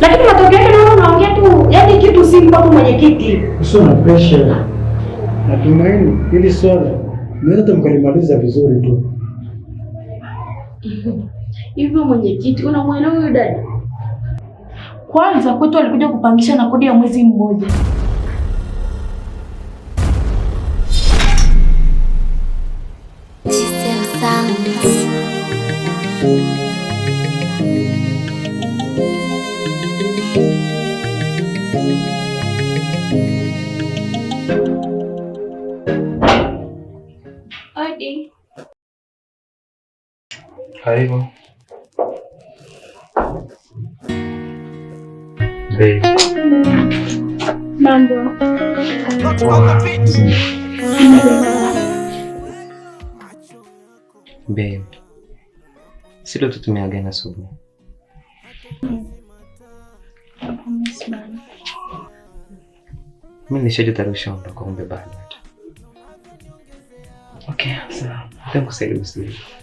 lakini matokeo yake naona unaongea tu, yaani kitu si mpaka mwenyekiti. Sio na pressure. Natumaini hili swala naweza mkalimaliza vizuri tu. Hivyo mwenyekiti, unamwelewa huyo dada? Kwanza kwetu alikuja kupangisha na kodi ya mwezi mmoja. Karibu. Mambo. Babe. Silo tutumeaga na subu. Mimi nishaje tarusha kumbe bana. Okay, sawa. Thanks kwa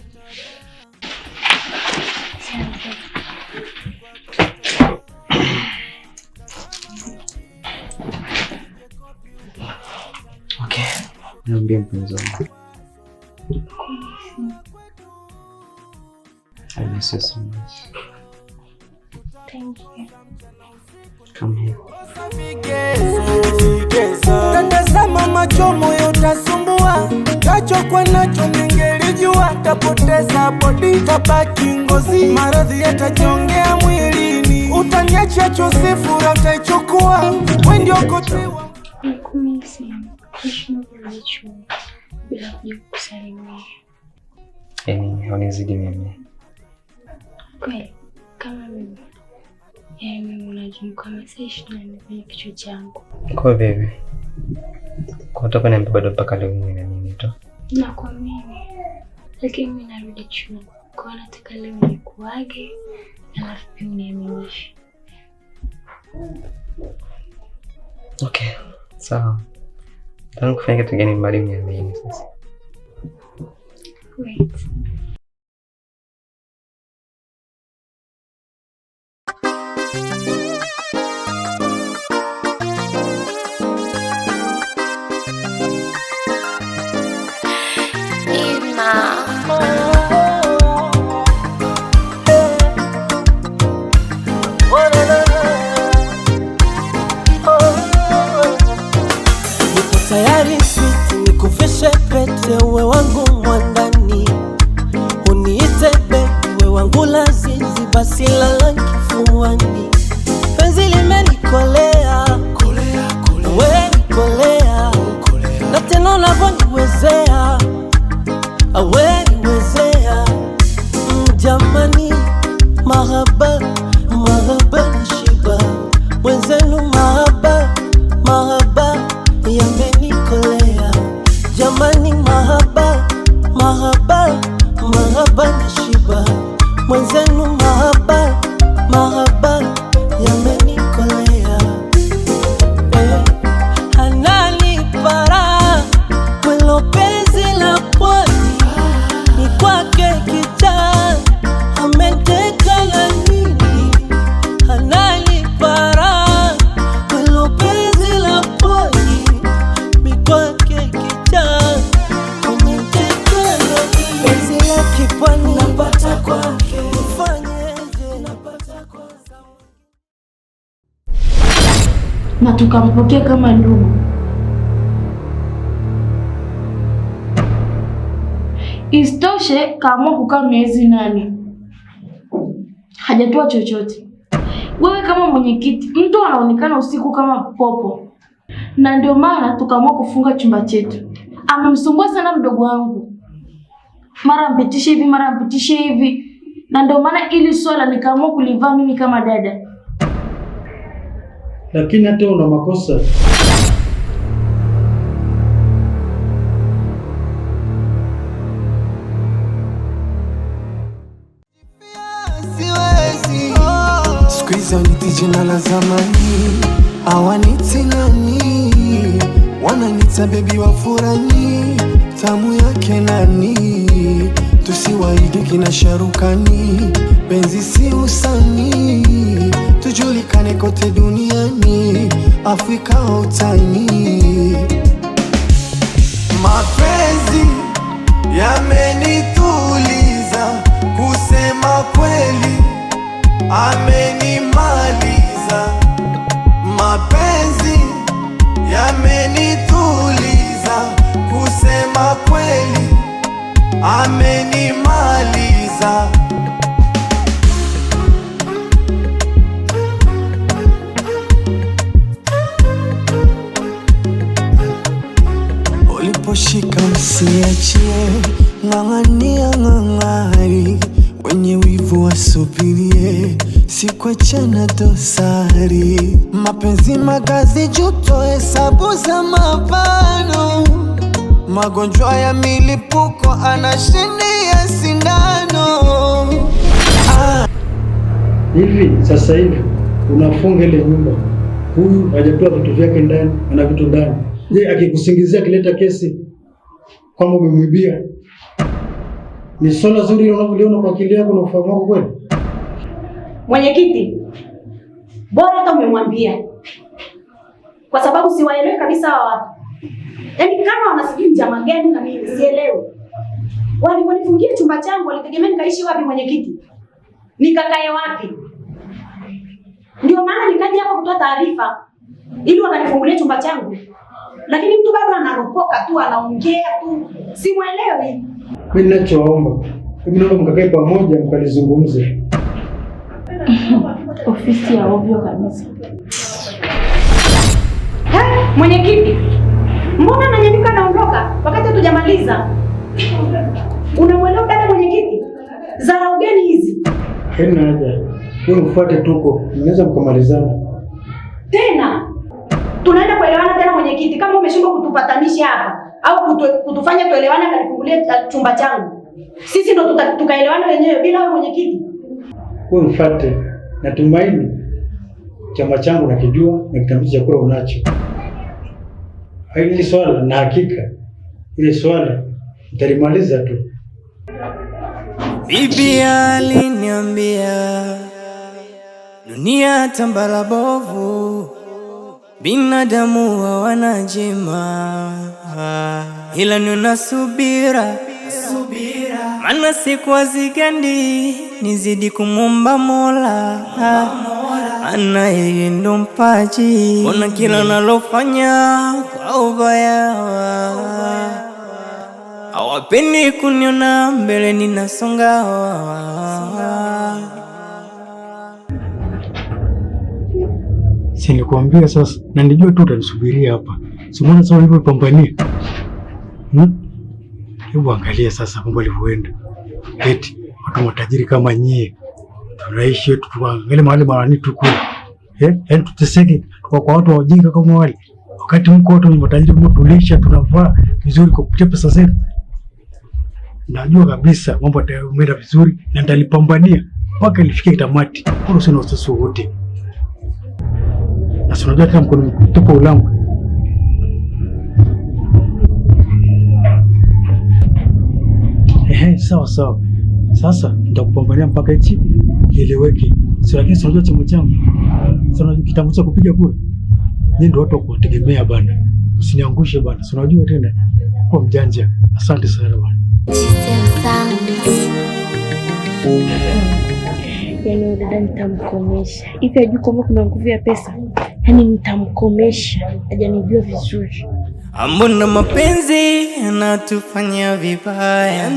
Niambie mpenzi wangu. I miss you so much. Thank macho, moyo utasumbua, tachokwa nacho ningelijua, tapoteza bodi, tabaki ngozi, maradhi yatachongea mwilini, utaniacha chozi, furaha itaichukua bila kuja kukusalimia. Yaani eh, unizidi mimi kweli, kama mimi yaani mimi unazunguka masaa ishirini na nne kwenye kichwa changu. Kwa bebi kutoka niambia bado mpaka leo mimi na mimi tu na kwa mimi, lakini mimi narudi chuo kwa nataka leo nikuage, alafu pia uniaminishe. Okay, sawa. So kufanya kitu gani mbali niamini sasa. Great. na tukampokea kama ndugu. Isitoshe, kaamua kukaa miezi nane, hajatoa chochote. Wewe kama mwenyekiti, mtu anaonekana usiku kama popo, na ndio maana tukaamua kufunga chumba chetu. Amemsumbua sana mdogo wangu, mara mpitishe hivi, mara mpitishe hivi, na ndio maana ili swala nikaamua kulivaa mimi kama dada lakini hata una makosa. jina la zamani, awaniti nani, wananita bebi wa furani, tamu yake nani tusiwaige kina Sharukani, penzi si usanii, tujulikane kote duniani, Afrika utani. Mapenzi yamenituliza, kusema kweli amenimaliza. Mapenzi yamenituliza, kusema kweli amenimaliza. Uliposhika usiachie, ng'ang'ania, ng'ang'ari, wenye wivu wasubirie, sikuachana dosari, mapenzi makazi, juto, hesabu za mapano Magonjwa ya milipuko anashinia sindano. Hivi sasa hivi unafunga ile nyumba, huyu hajatoa vitu vyake ndani, ana vitu ndani. Je, akikusingizia akileta kesi kwamba umemwibia, ni swala zuri unavyoliona kwa akili yako na ufahamu wako kweli? Mwenyekiti, bora hata umemwambia, kwa sababu siwaelewi kabisa hawa watu Yaani kama wanasijui njama gani na mimi sielewi. Waliponifungia chumba changu walitegemea nikaishi wapi mwenyekiti? Nikakae wapi? Ndio maana nikaja hapa kutoa taarifa ili wakanifungulia chumba changu. Lakini mtu bado anaropoka tu, anaongea tu. Simuelewi. Mimi ninachoomba, mimi naomba mkakae pamoja mkalizungumze. Ofisi ya ovyo kabisa. Eh, mwenyekiti, Mbona nanyanyuka naondoka wakati hatujamaliza? Unamwelewa dada mwenyekiti? Dharau gani hizi? Hena haja. Wewe ufuate tuko. Mnaweza mkamalizana. Tena tunaenda kuelewana tena mwenyekiti, kama umeshindwa kutupatanisha hapa au kutu, kutufanya tuelewane, kanifungulie chumba changu, sisi ndo tukaelewana wenyewe bila wewe mwenyekiti. Wewe mfuate. Natumaini chama changu nakijua na kitambulisho cha kura unacho hili swala na hakika ile swala nitalimaliza tu. Bibi aliniambia dunia tambala bovu, binadamu wa wanajima, ila nina subira mana siku azigandi nizidi kumwomba Mola anayeindo mpaji, ona kila nalofanya kwa ubaya, hawapendi kuniona mbele ninasonga sinikuambia sasa, na nijua tu utanisubiria hapa. Si umeona sasa ulivyopambania? Hmm? Hebu angalia sasa mambo alivyoenda, eti watu matajiri kama nyie tunaishi yetu tuangalie mahali marani tuku eh, yani tuteseke kwa kwa watu wajinga kama wale, wakati mko watu wenye matajiri mko, tulisha tunavaa vizuri kwa kupitia pesa zetu. Najua kabisa mambo yataenda vizuri na nitalipambania mpaka ilifike tamati, wala sina wasiwasi wote. Na sio unajua kama mkono mtupa ulamu sawa sawa. Sasa nitakupambania mpaka hichi kieleweke. Sio lakini sio chama changu. Sio kitabu cha kupiga kura. ni ndio watu wa kuwategemea bana. Usiniangushe bana. Sio unajua tena kwa mjanja. Asante sana bana. Yaani dada, nitamkomesha hivi. Ajui kwamba kuna nguvu ya pesa? Yaani nitamkomesha, hajanijua vizuri. Ambona mapenzi yanatufanya vibaya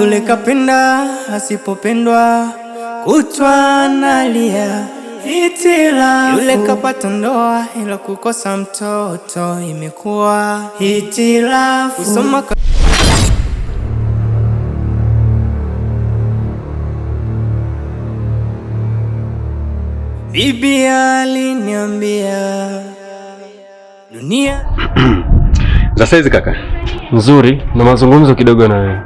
yule kapenda asipopendwa kutwa nalia hitilafu. Yule kapata ndoa ila kukosa mtoto imekuwa hitilafu. Kusoma bibi aliniambia dunia za saizi kaka nzuri na mazungumzo kidogo na wewe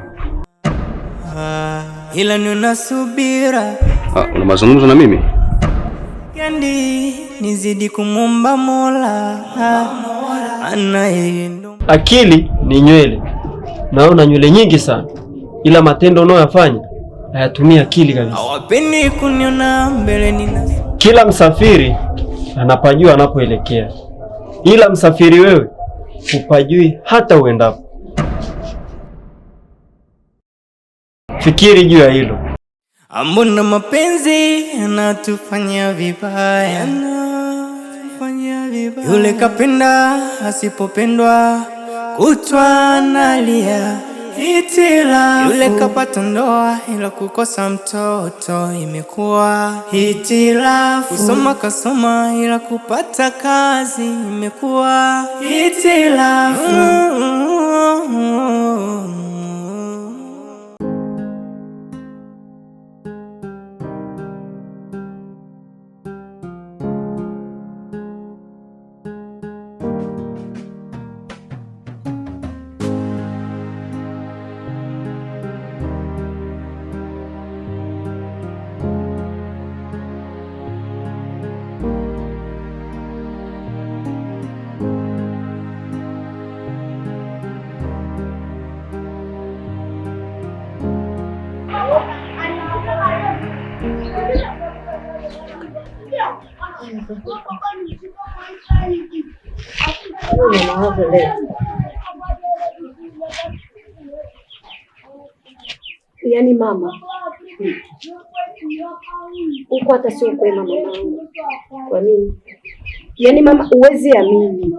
ila nina subira. Ah, una mazungumzo na mimi? Kendi nizidi kumomba Mola anayeendo. Akili ni nywele, naona una nywele nyingi sana, ila matendo unayoyafanya hayatumii akili kabisa. Hawapendi kuniona mbele nina. Kila msafiri anapajua anapoelekea, ila msafiri wewe hupajui hata uendapo. Fikiri juu ya hilo. Ambona mapenzi yanatufanya vibaya, yule kapenda asipopendwa kutwa analia hitilafu yule kapata ndoa ila kukosa mtoto imekuwa hitilafu, kusoma kasoma ila kupata kazi imekuwa hitilafu. Mm-hmm. yani mama huko hata sio kwema mamaangu. Kwa nini? Yaani mama, uwezi amini,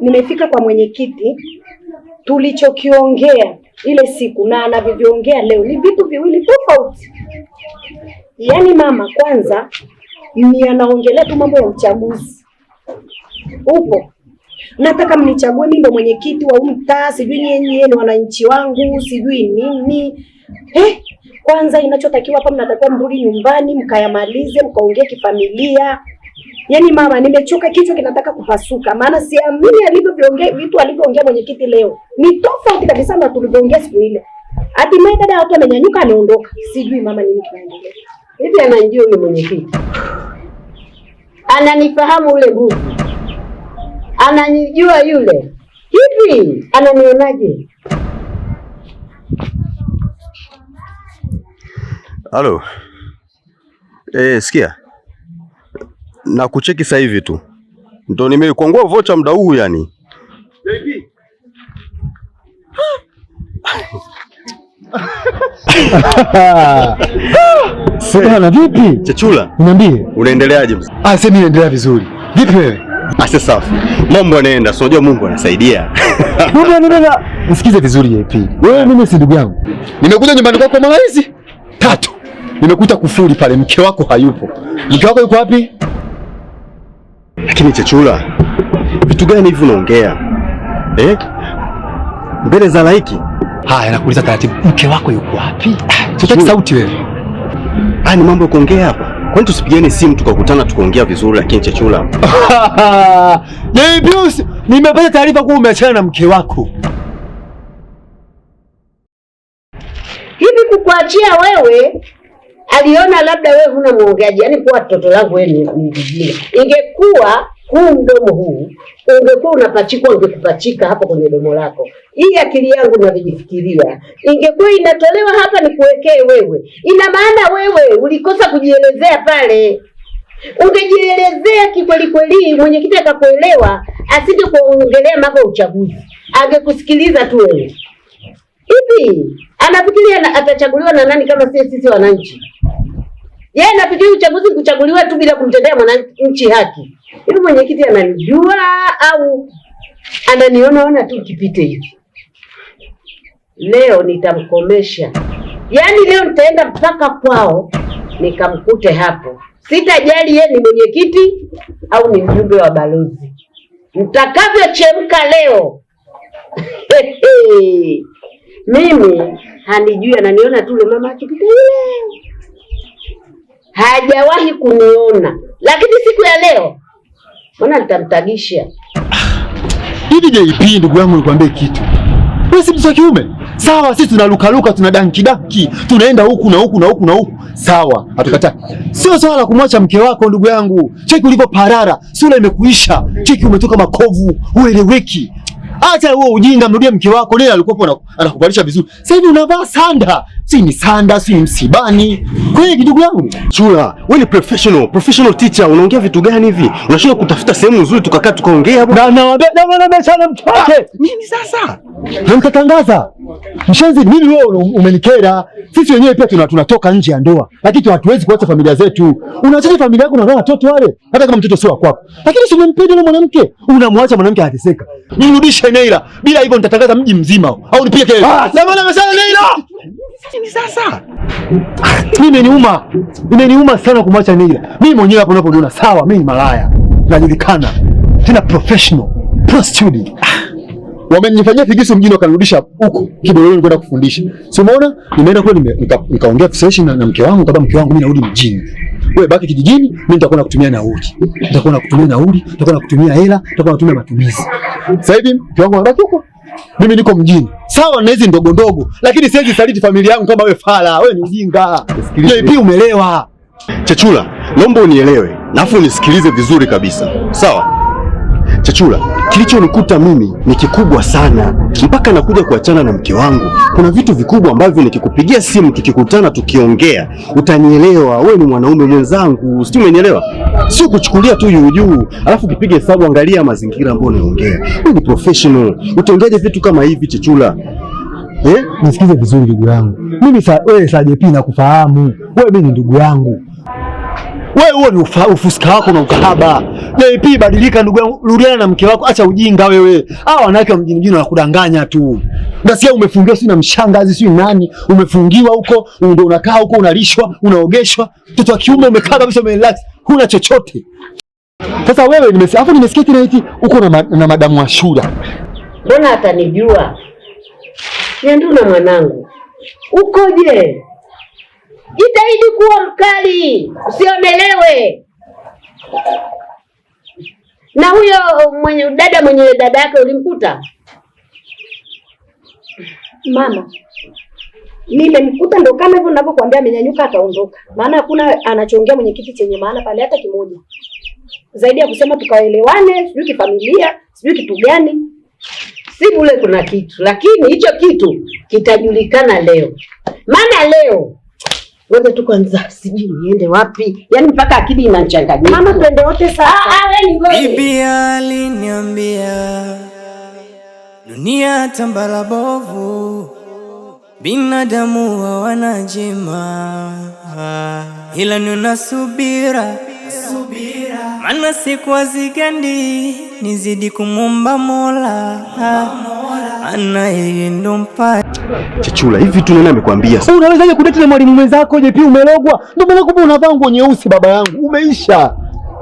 nimefika kwa mwenyekiti, tulichokiongea ile siku na anavyoviongea leo ni vitu viwili tofauti. Yaani mama, kwanza ni anaongelea tu mambo ya uchaguzi. Upo nataka mnichague mimi ndo mwenyekiti wa mtaa, sijui nyenye ni wananchi wangu, sijui nini eh. Kwanza inachotakiwa hapa, mnatakiwa mrudi nyumbani mkayamalize, mkaongee kifamilia. Yaani mama, nimechoka, kichwa kinataka kupasuka, maana siamini alivyoviongea vitu alivyoongea mwenyekiti leo ni tofauti kabisa na tulivyoongea siku ile. Hatimaye dada watu amenyanyuka, anaondoka, Sijui mama, nini kinaendelea? hivi ananijua yule mwenyekiti, ananifahamu ule mbuzi, ananijua yule hivi, ananionaje? Halo. Eh, sikia na kucheki sasa hivi tu ndo nimekuangua vocha muda huu yani. Sibana, vipi? Chachula. Niambie. Unaendeleaje mzee? Ah, sasa mimi naendelea vizuri. Vipi wewe? Ah, Asa safi. Mambo yanaenda, si unajua Mungu anasaidia. Mungu anaenda. Nisikize vizuri JP. Wewe ah. mimi si ndugu yangu. Nimekuja nyumbani kwako mara hizi tatu. Nimekuta kufuli pale, mke wako hayupo. Mke wako yuko wapi? Lakini Chachula, vitu gani hivi unaongea? Eh? Mbele za laiki Haya, nakuuliza taratibu, mke wako yuko wapi? Ah, Sitaki sauti wewe. Haya ni mambo ya kuongea hapa. Kwani tusipigane simu tukakutana tukaongea vizuri, lakini chechula. nimepata taarifa kuwa umeachana na mke wako. Hivi kukuachia wewe aliona labda wewe huna mwongeaji, yani kuwa toto langu wewe ni Ingekuwa huu mdomo huu ungekuwa unapachikwa, ungekupachika hapo kwenye domo lako. Hii akili yangu inavyojifikiria ingekuwa inatolewa hapa nikuwekee wewe. Ina maana wewe ulikosa kujielezea pale, ungejielezea kikweli kweli, mwenyekiti akakuelewa, asije kuongelea mambo ya uchaguzi, angekusikiliza tu wewe. Hivi anafikiria na, atachaguliwa na nani kama sie sisi wananchi? Yeye anafikiria uchaguzi kuchaguliwa tu bila kumtendea mwananchi haki. Hivi mwenyekiti analijua au ananionaona tu kipite hivi? Leo nitamkomesha, yaani leo nitaenda mpaka kwao nikamkute hapo. Sitajali yeye ni mwenyekiti au ni mjumbe wa balozi, mtakavyochemka leo mimi hanijui, ananiona tu yule mama akipita hajawahi kuniona, lakini siku ya leo Mbona litamtagisha hivi? JP, ndugu yangu, nikwambie kitu, wewe si mtu wa kiume sawa? Sisi tunalukaluka, tuna danki danki, tunaenda huku na huku na huku na huku, sawa, hatukataa. Sio swala la kumwacha mke wako, ndugu yangu. Cheki ulivyo parara, sura imekuisha. Cheki umetoka makovu, ueleweki Acha huo ujinga, mrudie mke wako. Leo alikuwa anakubalisha vizuri, sasa hivi unavaa sanda. Si ni sanda, si msibani. Kweli ndugu yangu. Chula, wewe ni professional, professional teacher. Unaongea vitu gani hivi? Unashindwa kutafuta sehemu nzuri tukakaa tukaongea hapo. Na na na na sana mtoke. Mimi sasa? Na mtatangaza. Mshenzi, mimi wewe umenikera. Sisi wenyewe pia tuna tunatoka nje ya ndoa. Lakini hatuwezi kuacha familia zetu. Unaacha familia yako na watoto wale. Hata kama mtoto sio wako. Lakini si umempenda yule mwanamke, unamwacha mwanamke ateseka. Nirudishe Neila. Bila hivyo nitatangaza mji mzima au nipige kelele. Na maana na Neila. Ni sasa? Mimi niuma. Imeniuma sana kumwacha Neila. Mimi mwenyewe hapo unaponiona sawa, mimi malaya. Najulikana. Tena professional. Pro student wamenifanyia figisu mjini wakanirudisha huko kidoroni kwenda kufundisha. Si umeona? Nimeenda kule nikaongea session na, na mke wangu kwamba mke wangu mimi narudi mjini. Wewe baki kijijini, mimi nitakuwa nakutumia nauli. Nitakuwa nakutumia nauli, nitakuwa nakutumia hela, nitakuwa nakutumia matumizi. Sasa hivi mke wangu anabaki huko. Mimi niko mjini. Sawa na hizi ndogo ndogo, lakini siwezi saliti familia yangu kama wewe fala. Wewe ni ujinga. Je, pia umeelewa? Chechula, naomba unielewe, nafu nisikilize vizuri kabisa. Sawa? so, Chachula, kilichonikuta mimi ni kikubwa sana, mpaka nakuja kuachana na mke wangu. Kuna vitu vikubwa ambavyo nikikupigia simu tukikutana, tukiongea, utanielewa. Wewe ni mwanaume mwenzangu, sijui umenielewa, sio kuchukulia tu juu juu, alafu kipige hesabu. Angalia mazingira ambayo unaongea, wewe ni professional, utaongeaje vitu kama hivi Chachula? Eh, nisikize vizuri ndugu yangu mimi sa, wewe Sajepi nakufahamu wewe, mimi ni ndugu yangu wewe huo ni ufuska wako na ukahaba. JP, badilika ndugu yangu, rudiana na mke wako, acha ujinga wewe. Hawa wanawake wa mjini mjini wanakudanganya tu. Unasikia umefungiwa si na mshangazi si nani, umefungiwa huko, ndio unakaa huko unalishwa, unaogeshwa. Mtoto wa kiume umekaa kabisa umerelax, huna chochote. Sasa wewe nimesikia, hapo nimesikia tena eti uko na, ma, na madamu wa shura. Mbona atanijua? na mwanangu. Ukoje? Jitahidi kuwa mkali, usionelewe na huyo mwenye dada mwenye dada yake ulimkuta? Mama, nimemkuta ndo kama hivyo ninavyokuambia, amenyanyuka ataondoka. Maana hakuna anachoongea mwenye kiti chenye maana pale hata kimoja, zaidi ya kusema tukaelewane, sijui kifamilia, sijui kitu gani, si bule kuna kitu, lakini hicho kitu kitajulikana leo, maana leo Ngoja tu kwanza, sijui niende wapi, yaani mpaka akili inachanganyika. Mama, twende wote sasa. Ah, ah, Bibi aliniambia dunia tambara bovu, binadamu wa wanajima, ila nina subira, subira, maana siku azigandi, nizidi kumwomba Mola Chachula, hivi tu nani amekwambia? Unawezaje kudeti na mwalimu mwenzako? Je, pia umelogwa? Ndio maana kumbe unavaa nguo nyeusi, baba yangu. Umeisha.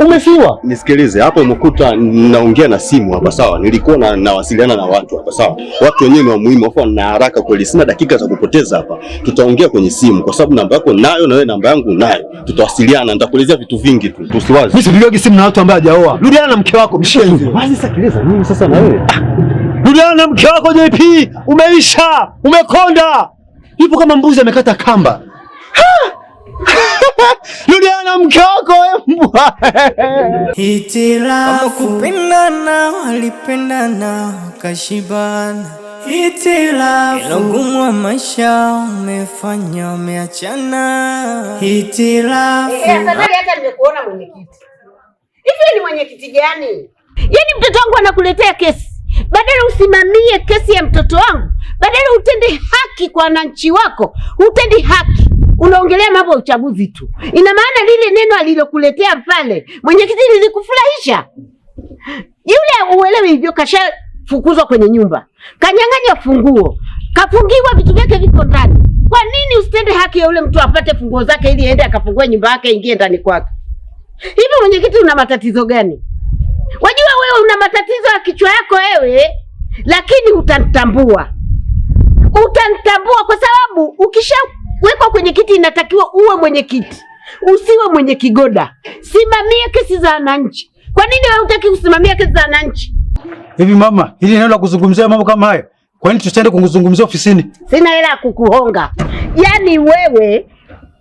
Umefiwa. Nisikilize, hapo umekuta naongea na simu hapa sawa. Nilikuwa na nawasiliana na watu hapa sawa. Watu wenyewe ni wa muhimu, afa na haraka kweli, sina dakika za kupoteza hapa. Tutaongea kwenye simu kwa sababu namba yako nayo na wewe namba yangu nayo. Tutawasiliana, nitakuelezea vitu vingi tu. Tusiwaze. Mimi sipigagi simu na watu ambao hajaoa. Rudiana na mke wako mshenzi. Wazi sasa, keleza nini sasa na wewe? Kulala na mke wako JP, umeisha, umekonda. Yupo kama mbuzi amekata kamba. Rudia na mke wako mbwa. Hitilafu kupendana, walipendana kashibana. Hitilafu ilo wa maisha umefanya umeachana. Hitilafu eh, hata nimekuona mwenyekiti. Hivi ni mwenyekiti gani? Yaani mtoto wangu anakuletea kesi badala usimamie kesi ya mtoto wangu, badala utende haki kwa wananchi wako, utendi haki, unaongelea mambo ya uchaguzi tu. Ina maana lile neno alilokuletea pale mwenyekiti lilikufurahisha? Yule uelewe hivyo, kashafukuzwa kwenye nyumba, kanyang'anywa funguo, kafungiwa, vitu vyake viko ndani. Kwa nini usitende haki ya yule mtu apate funguo zake ili aende akafungue nyumba yake, ingie ndani kwake? Hivi mwenyekiti, una matatizo gani? Wajua wewe una matatizo ya kichwa yako wewe, lakini utanitambua, utanitambua kwa sababu ukishawekwa kwenye kiti inatakiwa uwe mwenye kiti, usiwe mwenye kigoda. Simamia kesi za wananchi. Kwa nini wewe hutaki kusimamia kesi za wananchi? Hivi mama, ili neno la kuzungumzia mambo kama haya, kwa nini tusiende kuzungumzia ofisini? Sina hela ya kukuhonga, yaani wewe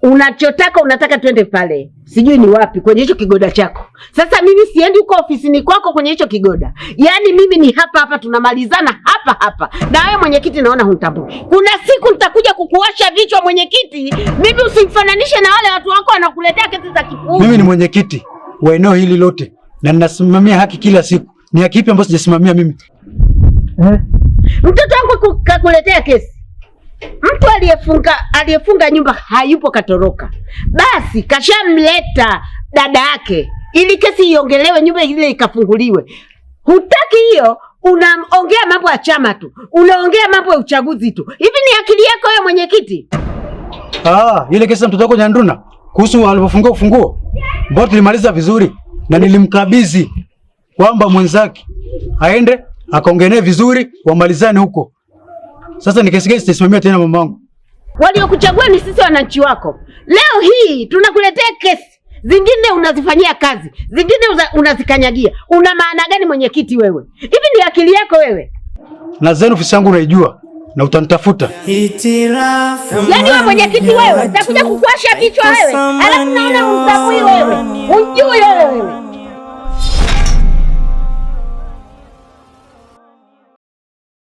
unachotaka unataka twende pale, sijui ni wapi, kwenye hicho kigoda chako. Sasa mimi siendi huko ofisini kwako kwenye hicho kigoda, yaani mimi ni hapa hapa, tunamalizana hapa hapa. Na wewe mwenyekiti, naona huntambui. Kuna siku nitakuja kukuwasha vichwa mwenyekiti. Mimi usimfananishe na wale watu wako wanakuletea kesi za kipuuzi. Mimi ni mwenyekiti wa eneo hili lote na ninasimamia haki kila siku. Ni haki ipi ambayo sijasimamia mimi eh? Mtoto wangu kakuletea kesi mtu aliyefunga aliyefunga nyumba hayupo, katoroka. Basi kashamleta dada yake ili kesi iongelewe, nyumba ile ikafunguliwe. Hutaki hiyo, unaongea mambo ya chama tu, unaongea mambo ya uchaguzi tu. Hivi ni akili yako wewe, mwenyekiti? Ah, ile kesi ya mtoto wako Nyanduna kuhusu alipofungua ufunguo mbona tulimaliza vizuri, na nilimkabidhi kwamba mwenzake aende akaongenee vizuri, wamalizane huko sasa ni kesi gani sitasimamia tena mamangu? Waliokuchagua ni sisi wananchi wako. Leo hii tunakuletea kesi zingine, unazifanyia kazi zingine, unazikanyagia. Una maana gani mwenyekiti wewe? Hivi ni akili yako wewe? Na zenu ofisi yangu unaijua na utanitafuta. Yaani wewe mwenyekiti wewe, utakuja kukuasha kichwa wewe, alafu naona msafui wewe, unjui wewe.